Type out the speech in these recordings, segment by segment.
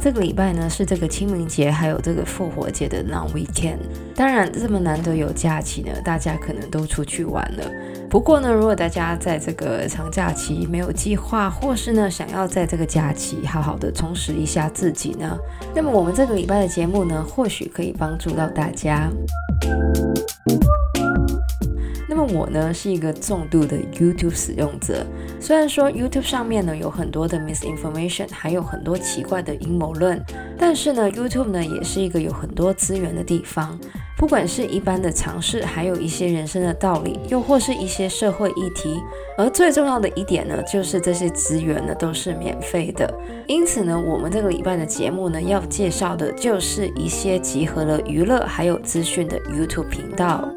這個禮拜呢是這個清明節還有這個復活節的 long weekend，當然這麼難得有假期呢，大家可能都出去玩了。不過呢，如果大家在這個長假期沒有計劃，或是呢想要在這個假期好好的充實一下自己呢，那麼我們這個禮拜的節目呢或許可以幫助到大家。我呢是一個重度的 YouTube 使用者，雖然說 YouTube 上面呢有很多的 misinformation，還有很多奇怪的陰謀論，但是呢 YouTube 呢也是一個有很多資源的地方，不管是一般的常識，還有一些人生的道理，又或是一些社會議題，而最重要的一點呢，就是這些資源呢都是免費的。因此呢，我們這個禮拜的節目呢要介紹的就是一些集合了娛樂還有資訊的 YouTube 頻道。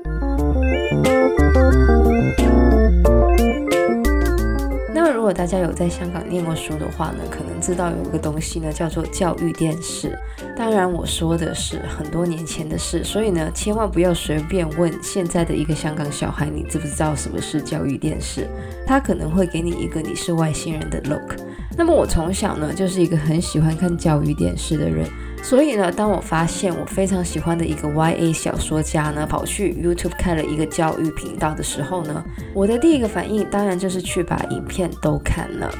那如果大家有在香港念過書的話呢，可能知道有一個東西呢叫做教育電視。當然我說的是很多年前的事，所以呢千萬不要隨便問現在的一個香港小孩，你知不知道什麼是教育電視？他可能會給你一個你是外星人的 look。那麼我從小呢就是一個很喜歡看教育電視的人，所以呢，當我發現我非常喜歡的一個 YA 小說家呢跑去 YouTube 開了一個教育頻道的時候呢，我的第一個反應當然就是去把影片都看了。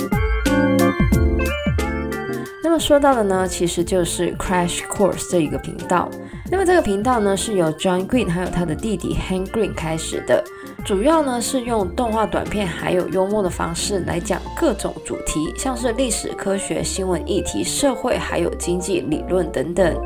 嗯。那麼說到的呢，其實就是 Crash Course 這一個頻道。那麼這個頻道呢，是由 John Green 還有他的弟弟 Hank Green 開始的，主要呢是用動畫短片還有幽默的方式來講各種主題，像是歷史、科學、新聞議題、社會還有經濟理論等等。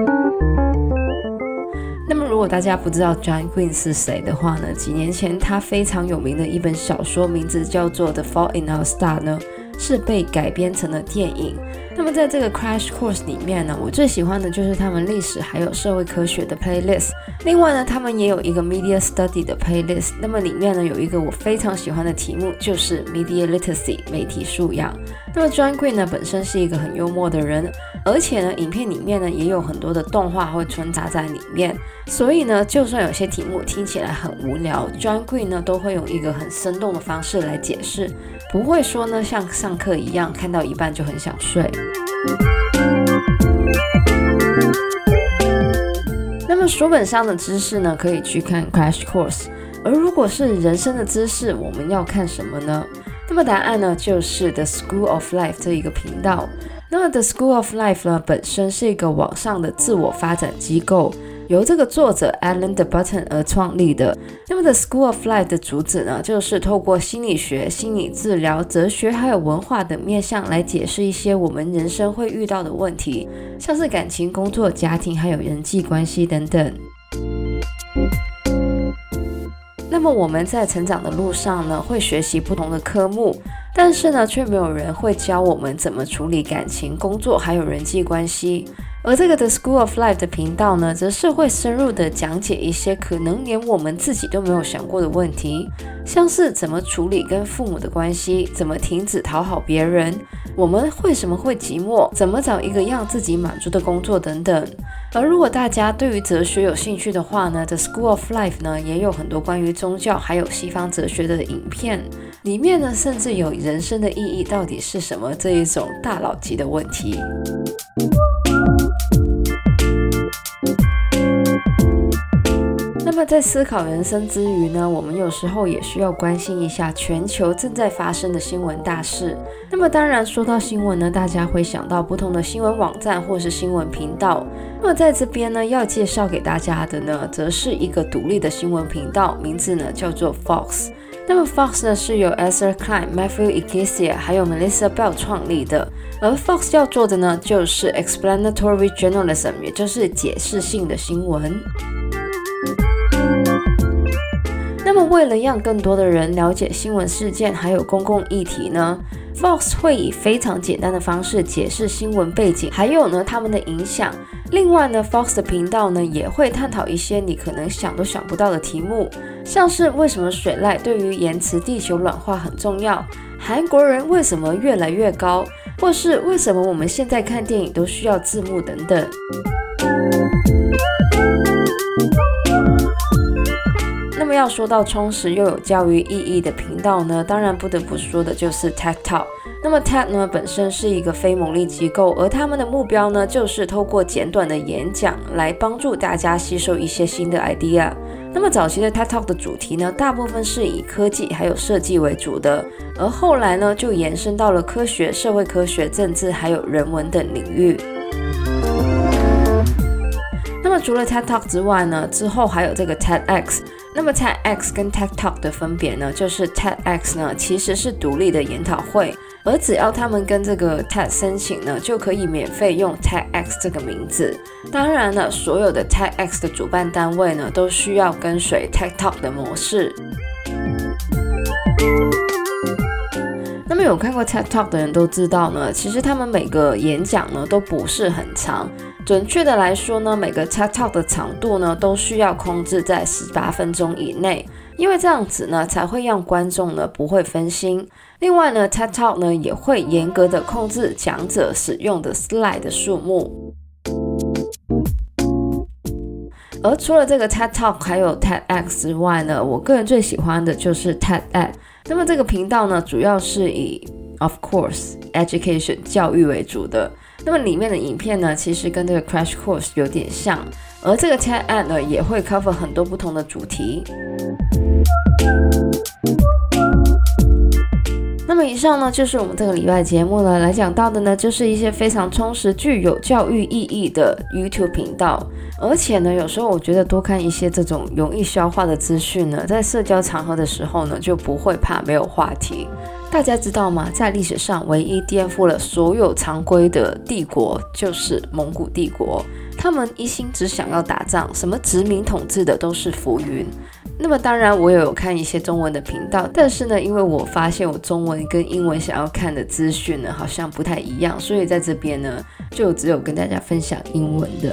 那麼如果大家不知道 John Green 是誰的話呢，幾年前他非常有名的一本小說，名字叫做《The Fault in Our Stars》呢，是被改編成了電影。那麼在這個 Crash Course 裡面呢，我最喜歡的就是他們歷史還有社會科學的 playlist。另外呢，他們也有一個 Media Study 的 playlist。那麼裡面呢，有一個我非常喜歡的題目，就是 Media Literacy（ 媒體素養）。那麼 John Green 呢，本身是一個很幽默的人。而且呢，影片裡面呢，也有很多的動畫會穿插在裡面，所以呢，就算有些題目聽起來很無聊，專櫃呢都會用一個很生動的方式來解釋，不會說呢像上課一樣看到一半就很想睡。 那麼書本上的知識呢，可以去看 Crash Course，而如果是人生的知識，我們要看什麼呢？那麼答案呢，就是 The School of Life 這一個頻道。那麼，The School of Life 呢，本身是一個網上的自我發展機構，由這個作者 Alain de Botton 而創立的。那麼，The School of Life 的主旨呢，就是透過心理學、心理治療、哲學還有文化等面向來解釋一些我們人生會遇到的問題，像是感情、工作、家庭還有人際關係等等。那麼，我們在成長的路上呢，會學習不同的科目。但是呢，卻沒有人會教我們怎麼處理感情、工作還有人際關係。而這個 The School of Life 的頻道呢，則是會深入的講解一些可能連我們自己都沒有想過的問題，像是怎麼處理跟父母的關係，怎麼停止討好別人。我們為什麼會寂寞？怎麼找一個讓自己滿足的工作等等。而如果大家對於哲學有興趣的話呢，The School of Life 呢，也有很多關於宗教還有西方哲學的影片，裡面呢，甚至有人生的意義到底是什麼這一種大佬級的問題。那麼在思考人生之餘呢，我們有時候也需要關心一下全球正在發生的新聞大事。那麼當然說到新聞呢，大家會想到不同的新聞網站或是新聞頻道。那麼在這邊呢，要介紹給大家的呢，則是一個獨立的新聞頻道，名字呢叫做 Vox。那麼 Vox 呢是由 Ezra Klein、Matthew Yglesias 還有 Melissa Bell 創立的。而 Vox 要做的呢，就是 explanatory journalism，也就是解釋性的新聞。那麼，他們為了讓更多的人了解新聞事件還有公共議題呢，Vox 會以非常簡單的方式解釋新聞背景，還有呢他們的影響。另外呢，Vox 的頻道呢也會探討一些你可能想都想不到的題目，像是為什麼水獺對於延遲地球暖化很重要，韓國人為什麼越來越高，或是為什麼我們現在看電影都需要字幕等等。要說到充實又有教育意義的頻道呢，當然不得不說的就是 TED Talk。那麼 TED 呢本身是一個非牟利機構，而他們的目標呢就是透過簡短的演講來幫助大家吸收一些新的 idea。那麼早期的 TED Talk 的主題呢，大部分是以科技還有設計為主的，而後來呢就延伸到了科學、社會科學、政治還有人文等領域。那麼除了 TED Talk 之外呢，之後還有這個 TEDx。那麼 TEDx 跟 TED Talk 的分別呢，就是 TEDx 呢其實是獨立的研討會，而只要他們跟這個 TED 申請呢，就可以免費用 TEDx 這個名字。當然了，所有的 TEDx 的主辦單位呢，都需要跟隨 TED Talk 的模式。那麼有看過 TED Talk 的人都知道呢，其實他們每個演講呢都不是很長。準確的來說呢，每個 TED Talk 的長度呢，都需要控制在十八分鐘以內，因為這樣子呢，才會讓觀眾呢不會分心。另外呢，TED Talk 呢也會嚴格的控制講者使用的 slide 的數目。而除了這個 TED Talk 還有 TEDx 之外呢，我個人最喜歡的就是 TED Ed。那麼這個頻道呢，主要是以 of course, education, 教育為主的。那麼裡面的影片呢，其實跟這個 Crash Course 有點像，而這個 TED Ed 呢，也會 cover 很多不同的主題。那麼以上呢，就是我們這個禮拜節目呢來講到的呢，就是一些非常充實、具有教育意義的 YouTube 頻道。而且呢，有時候我覺得多看一些這種容易消化的資訊呢，在社交場合的時候呢，就不會怕沒有話題。大家知道嗎？在歷史上，唯一顛覆了所有常規的帝國，就是蒙古帝國。他們一心只想要打仗，什麼殖民統治的都是浮雲。那麼當然，我也有看一些中文的頻道，但是呢，因為我發現我中文跟英文想要看的資訊呢，好像不太一樣，所以在這邊呢，就只有跟大家分享英文的。